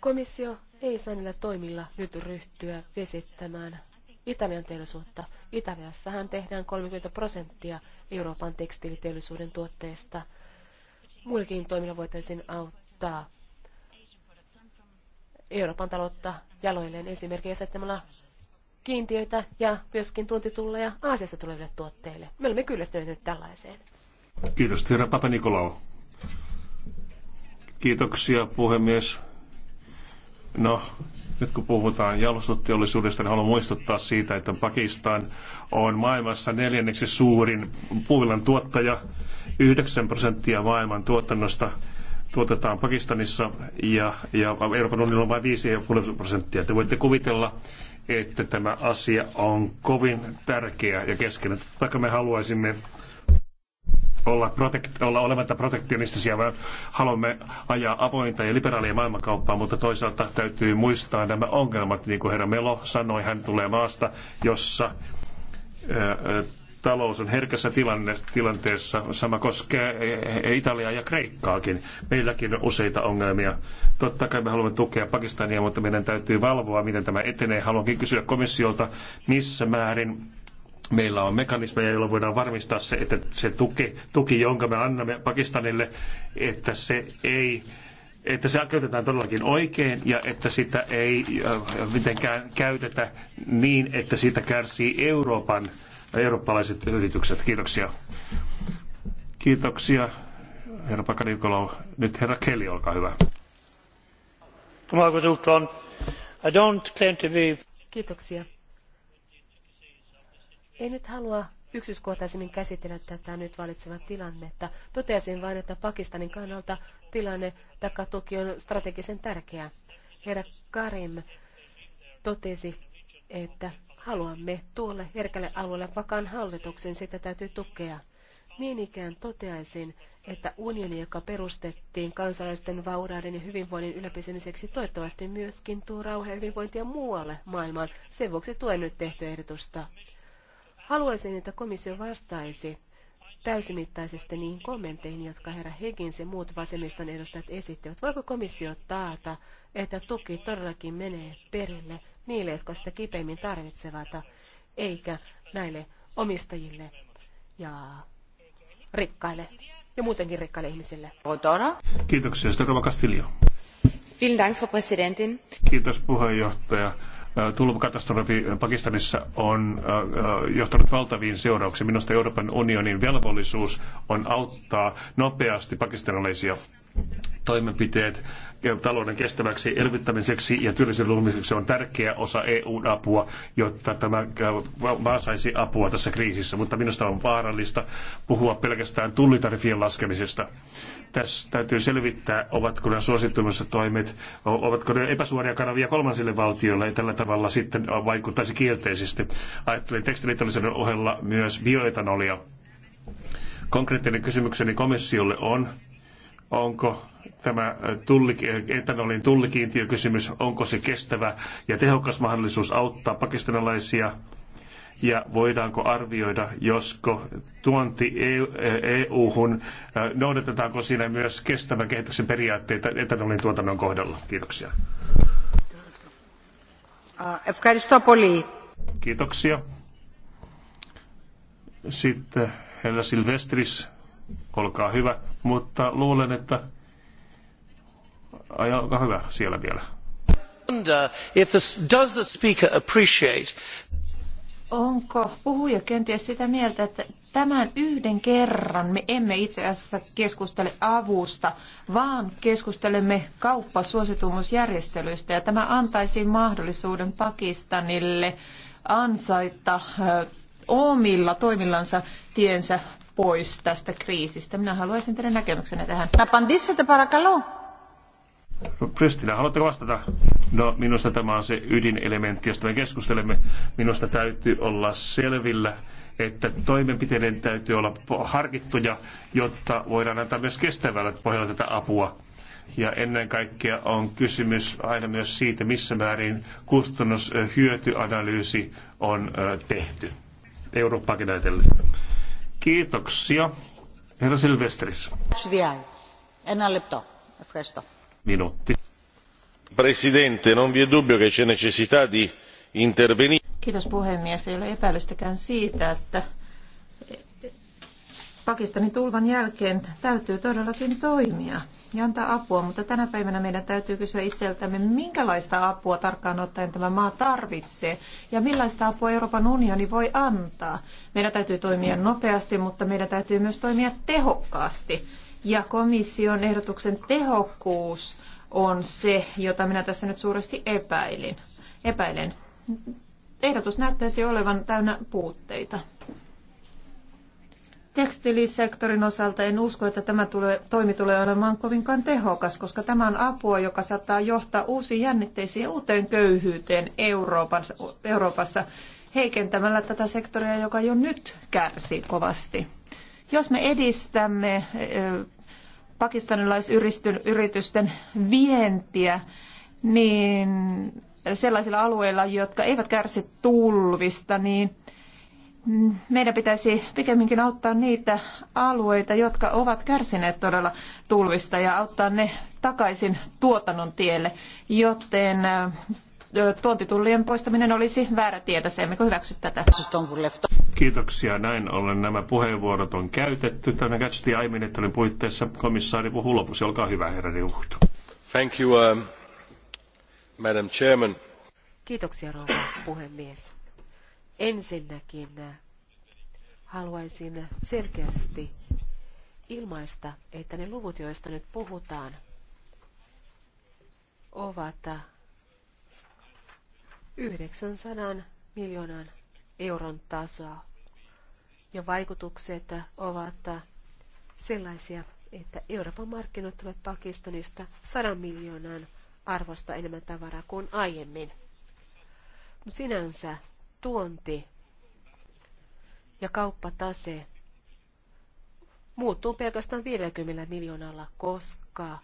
Komissio ei saa niillä toimilla nyt ryhtyä vesittämään Italian teollisuutta. Italiassahan tehdään 30 prosenttia Euroopan tekstiiliteollisuuden tuotteista. Muillakin toimilla voitaisiin auttaa Euroopan taloutta jaloilleen esimerkiksi asettamalla kiintiöitä ja myöskin tuontitulleja Aasiasta tuleville tuotteille. Me olemme kyllästyneet tällaiseen. Kiitos, herra Papa Nikolau. Kiitoksia, puhemies. No, nyt kun puhutaan jalostusteollisuudesta, niin haluan muistuttaa siitä, että Pakistan on maailmassa neljänneksi suurin puuvillan tuottaja, 9 prosenttia maailman tuotannosta tuotetaan Pakistanissa ja, ja Euroopan unionilla on vain 5,5 prosenttia. Te voitte kuvitella, että tämä asia on kovin tärkeä ja keskeinen. Vaikka me haluaisimme olla, protekt, olla olematta protektionistisia, vaan haluamme ajaa avointa ja liberaalia maailmankauppaa, mutta toisaalta täytyy muistaa nämä ongelmat, niin kuin herra Melo sanoi, hän tulee maasta, jossa talous on herkässä tilanne, tilanteessa. Sama koskee eh, eh, Italiaa ja Kreikkaakin. Meilläkin on useita ongelmia. Totta kai me haluamme tukea Pakistania, mutta meidän täytyy valvoa, miten tämä etenee. Haluankin kysyä komissiolta, missä määrin meillä on mekanismeja, joilla voidaan varmistaa se, että se tuki, tuki jonka me annamme Pakistanille, että se ei että se käytetään todellakin oikein ja että sitä ei äh, mitenkään käytetä niin, että siitä kärsii Euroopan eurooppalaiset yritykset. Kiitoksia. Kiitoksia, herra Pakarikolo. Nyt herra Kelly, olkaa hyvä. Kiitoksia. En nyt halua yksityiskohtaisemmin käsitellä tätä nyt valitsevaa tilannetta. Toteaisin vain, että Pakistanin kannalta tilanne toki on strategisen tärkeä. Herra Karim totesi, että Haluamme tuolle herkälle alueelle vakaan hallituksen, sitä täytyy tukea. Niin ikään toteaisin, että unioni, joka perustettiin kansalaisten vauraiden ja hyvinvoinnin ylläpisemiseksi, toivottavasti myöskin tuo rauha ja hyvinvointia muualle maailmaan. Sen vuoksi tuen nyt tehtyä ehdotusta. Haluaisin, että komissio vastaisi täysimittaisesti niihin kommentteihin, jotka herra Higgins ja muut vasemmiston edustajat esittivät. Voiko komissio taata, että tuki todellakin menee perille niille, jotka sitä kipeimmin tarvitsevat, eikä näille omistajille ja rikkaille ja muutenkin rikkaille ihmisille. Kiitoksia. Storava Castillo. Kiitos puheenjohtaja. Äh, Tulvakatastrofi äh, Pakistanissa on äh, johtanut valtaviin seurauksiin. Minusta Euroopan unionin velvollisuus on auttaa nopeasti pakistanilaisia toimenpiteet talouden kestäväksi elvyttämiseksi ja työllisyyden luomiseksi on tärkeä osa eu apua, jotta tämä maa saisi apua tässä kriisissä. Mutta minusta on vaarallista puhua pelkästään tullitarifien laskemisesta. Tässä täytyy selvittää, ovatko nämä suosittumassa toimet, ovatko ne epäsuoria kanavia kolmansille valtioille ja tällä tavalla sitten vaikuttaisi kielteisesti. Ajattelin tekstiliteollisuuden ohella myös bioetanolia. Konkreettinen kysymykseni komissiolle on, onko tämä tulli, etanolin tullikiintiökysymys, onko se kestävä ja tehokas mahdollisuus auttaa pakistanilaisia ja voidaanko arvioida, josko tuonti EU-hun, e noudatetaanko siinä myös kestävän kehityksen periaatteita etanolin tuotannon kohdalla? Kiitoksia. Äh, Kiitoksia. Sitten herra Silvestris, olkaa hyvä mutta luulen, että... Ai, olkaa hyvä siellä vielä. does the speaker appreciate Onko puhuja kenties sitä mieltä, että tämän yhden kerran me emme itse asiassa keskustele avusta, vaan keskustelemme kauppasuositumusjärjestelyistä ja tämä antaisi mahdollisuuden Pakistanille ansaita omilla toimillansa tiensä pois tästä kriisistä. Minä haluaisin teidän näkemyksenne tähän. Napandissete parakalo. Pristina, haluatteko vastata? No, minusta tämä on se ydinelementti, josta me keskustelemme. Minusta täytyy olla selvillä, että toimenpiteiden täytyy olla harkittuja, jotta voidaan antaa myös kestävällä pohjalla tätä apua. Ja ennen kaikkea on kysymys aina myös siitä, missä määrin kustannushyötyanalyysi on tehty. Eurooppaakin ajatellen. Kiitoksia. Herra Silvestris. Ένα λεπτό. Ευχαριστώ. Minuutti. Presidente, non vi è dubbio che c'è necessità di intervenire. Kiitos puhemies. Ei ole epäilystäkään siitä, että Pakistanin tulvan jälkeen täytyy todellakin toimia ja antaa apua, mutta tänä päivänä meidän täytyy kysyä itseltämme, minkälaista apua tarkkaan ottaen tämä maa tarvitsee ja millaista apua Euroopan unioni voi antaa. Meidän täytyy toimia nopeasti, mutta meidän täytyy myös toimia tehokkaasti. Ja komission ehdotuksen tehokkuus on se, jota minä tässä nyt suuresti epäilin. epäilen. Ehdotus näyttäisi olevan täynnä puutteita. Tekstilisektorin osalta en usko, että tämä tulee, toimi tulee olemaan kovinkaan tehokas, koska tämä on apua, joka saattaa johtaa uusiin jännitteisiin ja uuteen köyhyyteen Euroopassa, Euroopassa heikentämällä tätä sektoria, joka jo nyt kärsii kovasti. Jos me edistämme pakistanilaisyritysten vientiä, niin sellaisilla alueilla, jotka eivät kärsi tulvista, niin meidän pitäisi pikemminkin auttaa niitä alueita, jotka ovat kärsineet todella tulvista ja auttaa ne takaisin tuotannon tielle, joten tuontitullien poistaminen olisi väärä tietä, se emmekö hyväksy tätä. Kiitoksia. Näin ollen nämä puheenvuorot on käytetty. Tämä aiemmin, että olin puitteissa komissaari Puhulopus, olkaa hyvä herra Neuhto. Thank you, um, Madam Chairman. Kiitoksia rouva puhemies. Ensinnäkin haluaisin selkeästi ilmaista, että ne luvut, joista nyt puhutaan, ovat 900 miljoonan euron tasoa. Ja vaikutukset ovat sellaisia, että Euroopan markkinat tulevat Pakistanista 100 miljoonan arvosta enemmän tavaraa kuin aiemmin. Sinänsä tuonti ja kauppatase muuttuu pelkästään 50 miljoonalla, koska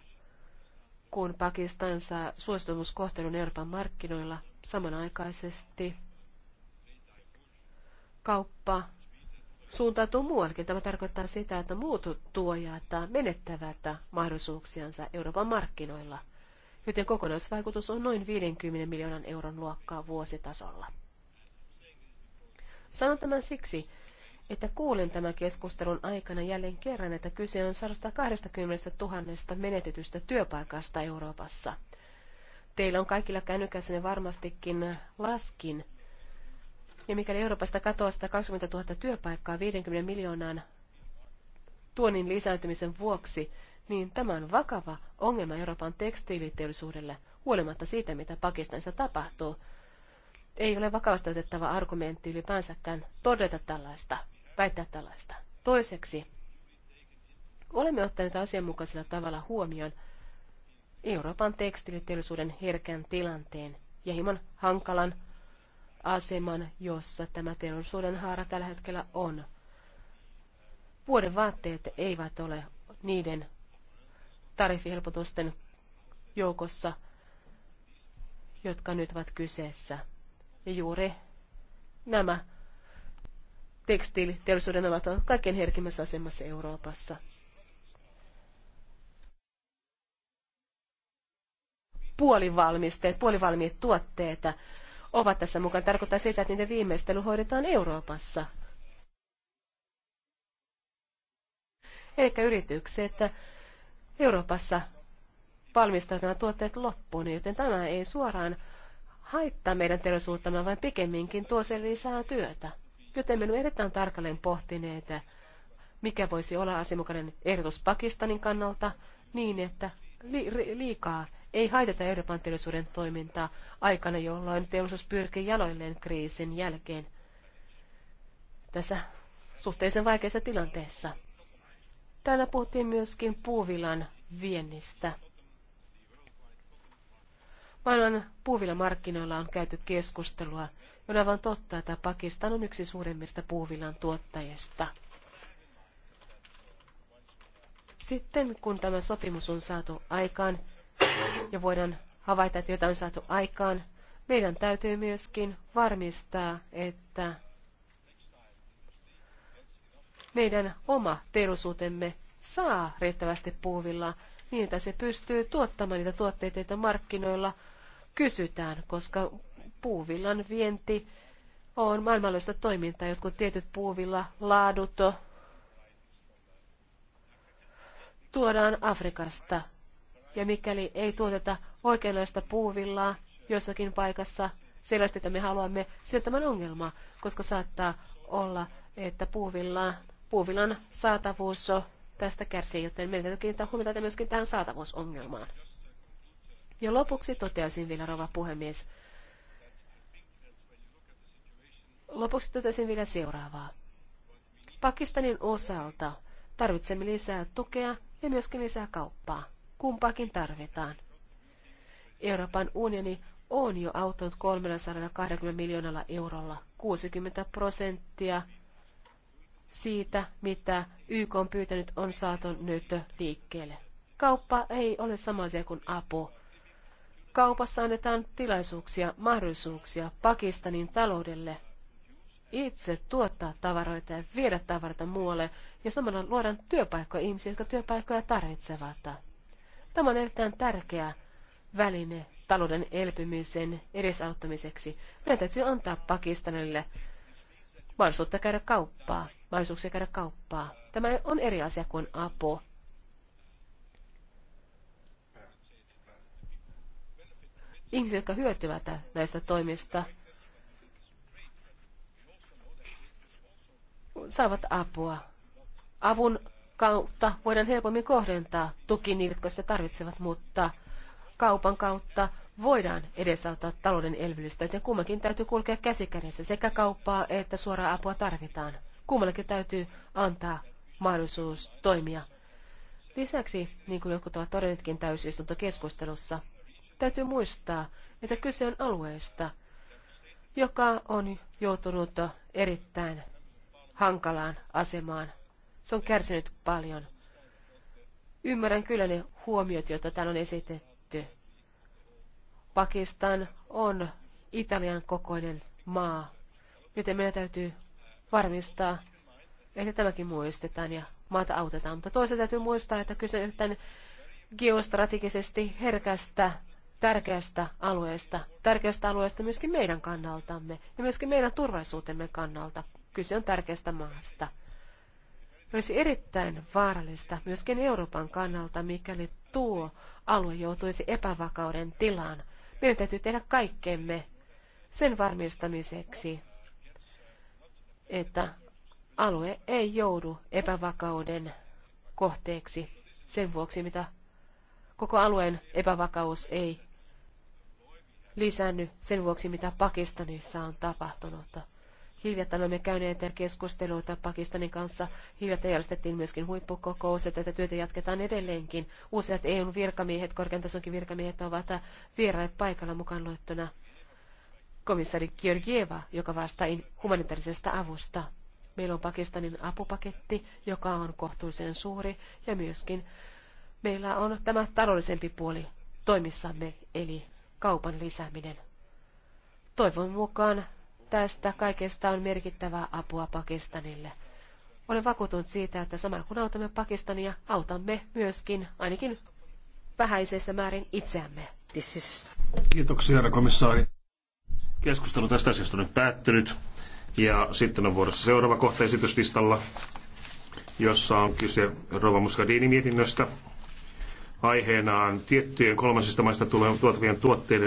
kun Pakistan saa suostumuskohtelun Euroopan markkinoilla samanaikaisesti, kauppa suuntautuu muuallekin. Tämä tarkoittaa sitä, että muut tuojat menettävät mahdollisuuksiansa Euroopan markkinoilla, joten kokonaisvaikutus on noin 50 miljoonan euron luokkaa vuositasolla. Sanon tämän siksi, että kuulin tämän keskustelun aikana jälleen kerran, että kyse on 120 000 menetetystä työpaikasta Euroopassa. Teillä on kaikilla kännykässäne varmastikin laskin. Ja mikäli Euroopasta katoaa 120 000 työpaikkaa 50 miljoonan tuonnin lisääntymisen vuoksi, niin tämä on vakava ongelma Euroopan tekstiiliteollisuudelle, huolimatta siitä, mitä Pakistanissa tapahtuu ei ole vakavasti otettava argumentti ylipäänsäkään todeta tällaista, väittää tällaista. Toiseksi, olemme ottaneet asianmukaisella tavalla huomioon Euroopan tekstiliteollisuuden herkän tilanteen ja hieman hankalan aseman, jossa tämä teollisuuden haara tällä hetkellä on. Vuoden vaatteet eivät ole niiden tarifihelpotusten joukossa, jotka nyt ovat kyseessä. Ja juuri nämä tekstiiliteollisuuden alat ovat kaikkein herkimmässä asemassa Euroopassa. Puolivalmisteet, puolivalmiit tuotteet ovat tässä mukaan. Tarkoittaa sitä, että niiden viimeistely hoidetaan Euroopassa. Eli yritykset Euroopassa valmistavat nämä tuotteet loppuun, joten tämä ei suoraan haittaa meidän teollisuuttamme, vaan pikemminkin tuo sen lisää työtä. Joten me olemme erittäin tarkalleen pohtineet, mikä voisi olla asianmukainen ehdotus Pakistanin kannalta niin, että li- liikaa ei haiteta Euroopan teollisuuden toimintaa aikana, jolloin teollisuus pyrkii jaloilleen kriisin jälkeen tässä suhteellisen vaikeassa tilanteessa. Täällä puhuttiin myöskin puuvilan viennistä. Maailman puuvilla markkinoilla on käyty keskustelua. On aivan totta, että Pakistan on yksi suurimmista puuvillan tuottajista. Sitten kun tämä sopimus on saatu aikaan ja voidaan havaita, että jotain on saatu aikaan, meidän täytyy myöskin varmistaa, että meidän oma teollisuutemme saa riittävästi puuvilla niin, että se pystyy tuottamaan niitä tuotteita, joita markkinoilla kysytään, koska puuvillan vienti on maailmanlaista toimintaa. Jotkut tietyt puuvilla laadut tuodaan Afrikasta. Ja mikäli ei tuoteta oikeanlaista puuvillaa jossakin paikassa, sellaista, että me haluamme, se on ongelma, koska saattaa olla, että puuvillan, puuvillan saatavuus tästä kärsii, joten meidän täytyy kiinnittää huomiota myöskin tähän saatavuusongelmaan. Ja lopuksi toteaisin vielä, rouva puhemies, lopuksi toteaisin vielä seuraavaa. Pakistanin osalta tarvitsemme lisää tukea ja myöskin lisää kauppaa. Kumpaakin tarvitaan. Euroopan unioni on jo auttanut 320 miljoonalla eurolla 60 prosenttia siitä, mitä YK on pyytänyt, on saatu nyt liikkeelle. Kauppa ei ole sama asia kuin apu. Kaupassa annetaan tilaisuuksia, mahdollisuuksia Pakistanin taloudelle itse tuottaa tavaroita ja viedä tavaroita muualle ja samalla luodaan työpaikkoja ihmisille, jotka työpaikkoja tarvitsevat. Tämä on erittäin tärkeä väline talouden elpymisen edesauttamiseksi. Meidän täytyy antaa Pakistanille mahdollisuutta käydä kauppaa, mahdollisuuksia käydä kauppaa. Tämä on eri asia kuin apu. ihmisiä, jotka hyötyvät näistä toimista, saavat apua. Avun kautta voidaan helpommin kohdentaa tuki niille, jotka sitä tarvitsevat, mutta kaupan kautta voidaan edesauttaa talouden elvytystä, joten kummankin täytyy kulkea käsikädessä. Sekä kauppaa että suoraa apua tarvitaan. Kummallekin täytyy antaa mahdollisuus toimia. Lisäksi, niin kuin jotkut ovat todennetkin täysistuntokeskustelussa, Täytyy muistaa, että kyse on alueesta, joka on joutunut erittäin hankalaan asemaan. Se on kärsinyt paljon. Ymmärrän kyllä ne huomiot, joita täällä on esitetty. Pakistan on Italian kokoinen maa, joten meidän täytyy varmistaa, että tämäkin muistetaan ja maata autetaan. Mutta toisaalta täytyy muistaa, että kyse on geostrategisesti herkästä tärkeästä alueesta, tärkeästä alueesta myöskin meidän kannaltamme ja myöskin meidän turvallisuutemme kannalta. Kyse on tärkeästä maasta. Olisi erittäin vaarallista myöskin Euroopan kannalta, mikäli tuo alue joutuisi epävakauden tilaan. Meidän täytyy tehdä kaikkemme sen varmistamiseksi, että alue ei joudu epävakauden kohteeksi sen vuoksi, mitä koko alueen epävakaus ei lisännyt sen vuoksi, mitä Pakistanissa on tapahtunut. Hiljattain olemme käyneet keskusteluita Pakistanin kanssa. Hiljattain järjestettiin myöskin huippukokous, että tätä työtä jatketaan edelleenkin. Useat eu virkamiehet, korkean tasonkin virkamiehet ovat vieraille paikalla mukaan luettuna Komissari Georgieva, joka vastaa humanitaarisesta avusta. Meillä on Pakistanin apupaketti, joka on kohtuullisen suuri, ja myöskin meillä on tämä taloudellisempi puoli toimissamme, eli kaupan lisääminen. Toivon mukaan tästä kaikesta on merkittävää apua Pakistanille. Olen vakuutunut siitä, että samalla kun autamme Pakistania, autamme myöskin ainakin vähäisessä määrin itseämme. Kiitoksia, herra komissaari. Keskustelu tästä asiasta on nyt päättynyt. Ja sitten on vuorossa seuraava kohta esityslistalla, jossa on kyse Rova Muscadini mietinnöstä aiheenaan tiettyjen kolmansista maista tuotavien tuotteiden